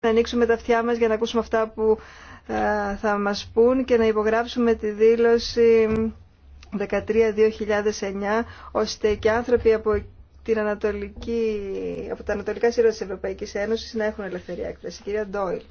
να ανοίξουμε τα αυτιά μας για να ακούσουμε αυτά που ε, θα μας πούν και να υπογράψουμε τη δήλωση 13-2009 ώστε και άνθρωποι από, την Ανατολική, από τα ανατολικά Σύρωση της Ευρωπαϊκής Ένωσης να έχουν ελευθερία έκθεση. Κυρία Ντόιλ.